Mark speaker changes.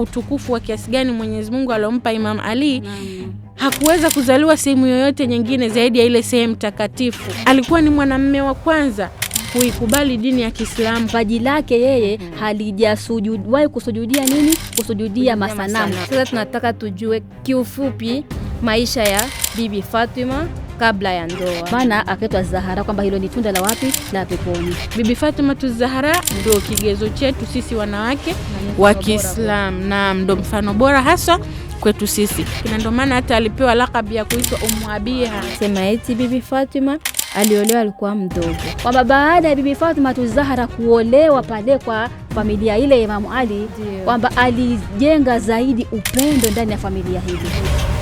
Speaker 1: utukufu wa kiasi gani Mwenyezi Mungu aliompa Imam Ali Hakuweza kuzaliwa sehemu yoyote nyingine zaidi ya ile sehemu takatifu. Alikuwa ni mwanamume wa kwanza kuikubali dini ya Kiislamu.
Speaker 2: Paji lake yeye halijasujudiwahi kusujudia nini? Kusujudia masanamu.
Speaker 3: Sasa tunataka tujue kiufupi maisha ya Bibi Fatima kabla ya ndoa,
Speaker 4: maana akaitwa Zahara kwamba hilo ni tunda la wapi? La peponi.
Speaker 1: Bibi Fatuma tu Zahara ndio kigezo chetu sisi wanawake wa Kiislamu, na ndo mfano bora haswa kwetu sisi,
Speaker 5: na ndio maana hata alipewa lakabi ya kuitwa Ummu Abiha.
Speaker 6: Sema eti Bibi Fatuma aliolewa alikuwa mdogo,
Speaker 7: kwamba baada ya Bibi tu Tuzahara kuolewa pale kwa familia ile ya Imamu Ali, kwamba alijenga zaidi upendo ndani ya familia hili.